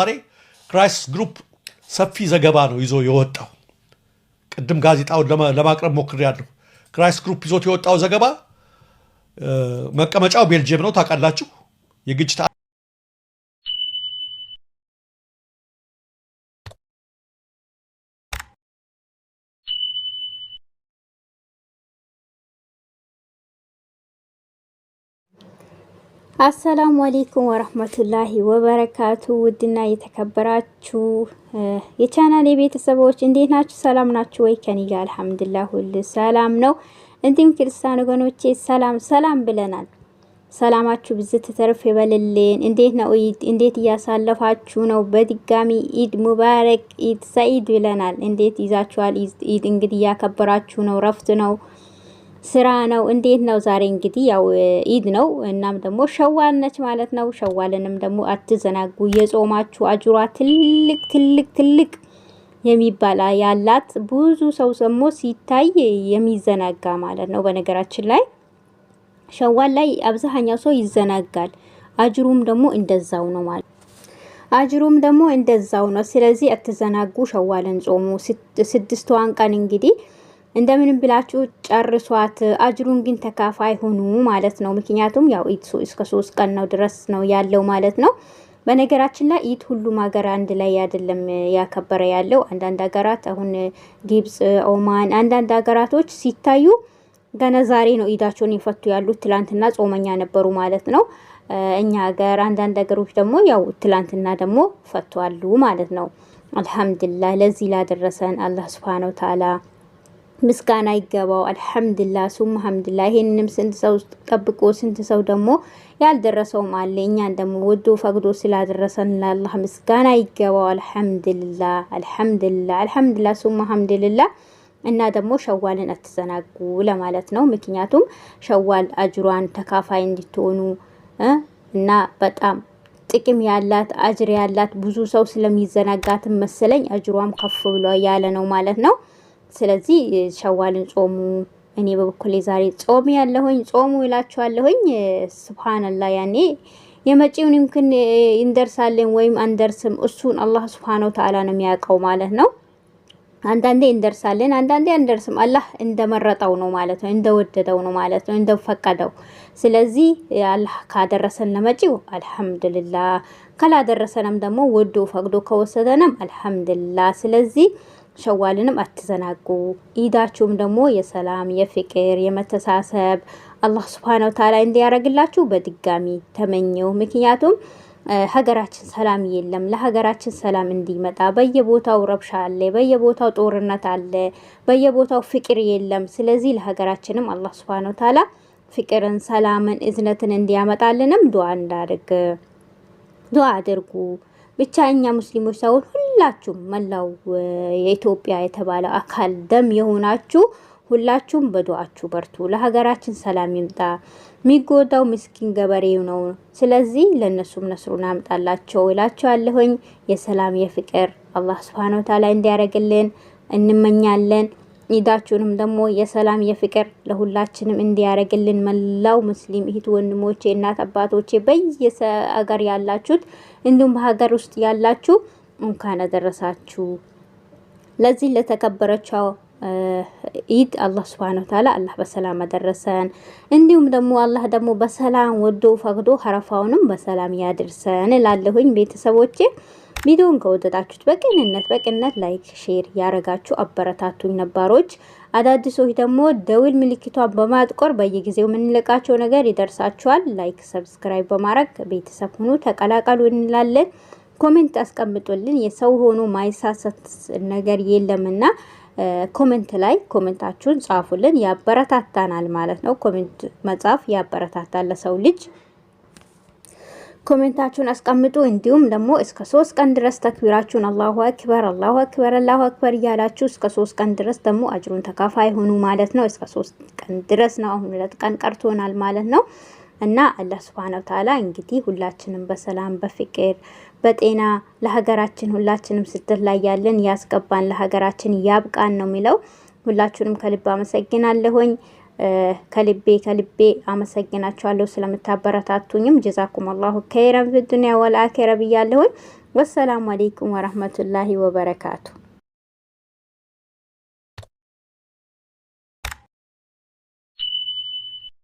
ዛሬ ክራይስ ግሩፕ ሰፊ ዘገባ ነው ይዞ የወጣው። ቅድም ጋዜጣውን ለማቅረብ ሞክሬያለሁ። ክራይስ ግሩፕ ይዞት የወጣው ዘገባ መቀመጫው ቤልጅየም ነው ታውቃላችሁ። የግጭት አሰላሙ አሌይኩም ወረህመቱላሂ ወበረካቱ። ውድና የተከበራችሁ የቻናል ቤተሰቦች እንዴት ናችሁ? ሰላም ናችሁ ወይ? ከኔ ጋር አልሐምዱሊላህ ሁሉ ሰላም ነው። እንዲሁም ክርስቲያን ወገኖቼ ሰላም ሰላም ብለናል። ሰላማችሁ ብዝት ተርፍ ይበልልን። እንዴት ነው? ኢድ እንዴት እያሳለፋችሁ ነው? በድጋሚ ኢድ ሙባረክ ኢድ ሰኢድ ብለናል። እንዴት ይዛችኋል? ኢድ እንግዲህ እያከበራችሁ ነው። ረፍት ነው ስራ ነው። እንዴት ነው? ዛሬ እንግዲህ ያው ኢድ ነው፣ እናም ደግሞ ሸዋል ነች ማለት ነው። ሸዋልንም ደግሞ አትዘናጉ፣ የጾማችሁ አጅሯ ትልቅ ትልቅ ትልቅ የሚባል ያላት ብዙ ሰው ሰሞ ሲታይ የሚዘናጋ ማለት ነው። በነገራችን ላይ ሸዋል ላይ አብዛኛው ሰው ይዘናጋል። አጅሩም ደግሞ እንደዛው ነው ማለት አጅሩም ደግሞ እንደዛው ነው። ስለዚህ አትዘናጉ፣ ሸዋልን ጾሙ ስድስቷን ቀን እንግዲህ እንደምንም ብላችሁ ጨርሷት። አጅሩን ግን ተካፋይ ሆኑ ማለት ነው። ምክንያቱም ያው ኢድ እስከ ሶስት ቀን ነው ድረስ ነው ያለው ማለት ነው። በነገራችን ላይ ኢድ ሁሉም ሀገር አንድ ላይ አይደለም ያከበረ ያለው። አንዳንድ ሀገራት አሁን ግብጽ፣ ኦማን አንዳንድ ሀገራቶች ሲታዩ ገና ዛሬ ነው ኢዳቸውን ይፈቱ ያሉት። ትላንትና ጾመኛ ነበሩ ማለት ነው። እኛ ሀገር አንዳንድ ሀገሮች ደግሞ ያው ትላንትና ደግሞ ፈቷሉ ማለት ነው። አልሐምዱሊላህ ለዚህ ላደረሰን አላህ ሱብሃነሁ ወተዓላ ምስጋና ይገባው። አልሐምድላ ሱም ሐምድላ። ይሄንንም ስንት ሰው ጠብቆ ስንት ሰው ደግሞ ያልደረሰውም አለ። እኛን ደግሞ ወዶ ፈቅዶ ስላደረሰን ለአላህ ምስጋና ይገባው። አልሐምድላ አልሐምድላ አልሐምድላ ሱም ሐምድላ። እና ደግሞ ሸዋልን አትዘናጉ ለማለት ነው። ምክንያቱም ሸዋል አጅሯን ተካፋይ እንድትሆኑ እና በጣም ጥቅም ያላት አጅር ያላት ብዙ ሰው ስለሚዘናጋትም መሰለኝ አጅሯም ከፍ ብሎ ያለ ነው ማለት ነው። ስለዚህ ሸዋልን ጾሙ። እኔ በበኩሌ ዛሬ ጾም ያለሁኝ ጾሙ ይላችኋለሁኝ። ስብሓንላ ያኔ የመጪውን ይምክን እንደርሳለን ወይም አንደርስም። እሱን አላህ ስብሓን ወተዓላ ነው የሚያውቀው ማለት ነው። አንዳንዴ እንደርሳለን፣ አንዳንዴ አንደርስም። አላህ እንደመረጠው ነው ማለት ነው፣ እንደወደደው ነው ማለት ነው፣ እንደፈቀደው። ስለዚህ አላህ ካደረሰን ለመጪው አልሐምድልላ፣ ካላደረሰንም ደግሞ ወዶ ፈቅዶ ከወሰደንም አልሐምድልላ። ስለዚህ ሸዋልንም አትዘናጉ። ኢዳችሁም ደግሞ የሰላም የፍቅር የመተሳሰብ አላህ ስብሓነ ወተዓላ እንዲያደርግላችሁ በድጋሚ ተመኘው። ምክንያቱም ሀገራችን ሰላም የለም። ለሀገራችን ሰላም እንዲመጣ በየቦታው ረብሻ አለ፣ በየቦታው ጦርነት አለ፣ በየቦታው ፍቅር የለም። ስለዚህ ለሀገራችንም አላህ ስብሓነ ወተዓላ ፍቅርን፣ ሰላምን፣ እዝነትን እንዲያመጣልንም ዱዓ እንዳድርግ ዱዓ አድርጉ። ብቻ እኛ ሙስሊሞች ሳይሆን ሁላችሁም መላው የኢትዮጵያ የተባለ አካል ደም የሆናችሁ ሁላችሁም በዱዓችሁ በርቱ። ለሀገራችን ሰላም ይምጣ። የሚጎዳው ምስኪን ገበሬው ነው። ስለዚህ ለእነሱም ነስሩን አምጣላቸው እላቸዋለሁኝ። የሰላም የፍቅር አላህ ስብሐነ ወተዓላ እንዲያደርግልን እንመኛለን። ኢዳችሁንም ደግሞ የሰላም የፍቅር ለሁላችንም እንዲያደርግልን መላው ሙስሊም እህት ወንድሞቼ፣ እናት አባቶቼ በየሀገር ያላችሁት እንዲሁም በሀገር ውስጥ ያላችሁ እንኳን አደረሳችሁ ለዚህ ለተከበረችው ኢድ አላህ ስብሐነሁ ወተዓላ አላህ በሰላም አደረሰን። እንዲሁም ደግሞ አላህ ደግሞ በሰላም ወዶ ፈቅዶ ሀረፋውንም በሰላም ያድርሰን እላለሁኝ። ቤተሰቦቼ ቪዲዮን ከወደዳችሁት በቅንነት በቅንነት ላይክ፣ ሼር ያረጋችሁ አበረታቱኝ። ነባሮች አዳዲሶች ደግሞ ደውል ምልክቷን በማጥቆር በየጊዜው የምንለቃቸው ነገር ይደርሳችኋል። ላይክ፣ ሰብስክራይብ በማድረግ ቤተሰብ ሁኑ ተቀላቀሉ እንላለን። ኮሜንት አስቀምጡልን። የሰው ሆኖ ማይሳሰት ነገር የለምና ኮሜንት ላይ ኮሜንታችሁን ጻፉልን። ያበረታታናል ማለት ነው። ኮሜንት መጻፍ ያበረታታል ለሰው ልጅ። ኮሜንታችሁን አስቀምጡ። እንዲሁም ደግሞ እስከ ሶስት ቀን ድረስ ተክቢራችሁን አላሁ አክበር አላሁ አክበር አላሁ አክበር እያላችሁ እስከ ሶስት ቀን ድረስ ደግሞ አጅሩን ተካፋይ ሆኑ ማለት ነው። እስከ ሶስት ቀን ድረስ ነው። አሁን ሁለት ቀን ቀርቶናል ማለት ነው። እና አላህ ሱብሃነሁ ወተዓላ እንግዲህ ሁላችንም በሰላም በፍቅር በጤና ለሀገራችን ሁላችንም ስደት ላይ ያለን ያስገባን፣ ለሀገራችን ያብቃን ነው የሚለው። ሁላችሁንም ከልብ አመሰግናለሁኝ። ከልቤ ከልቤ አመሰግናችኋለሁ ስለምታበረታቱኝም። ጀዛኩም አላሁ ከይረን ፊዱንያ ወልአኺራ ብያለሁኝ። ወሰላሙ አሌይኩም ወረህመቱላሂ ወበረካቱ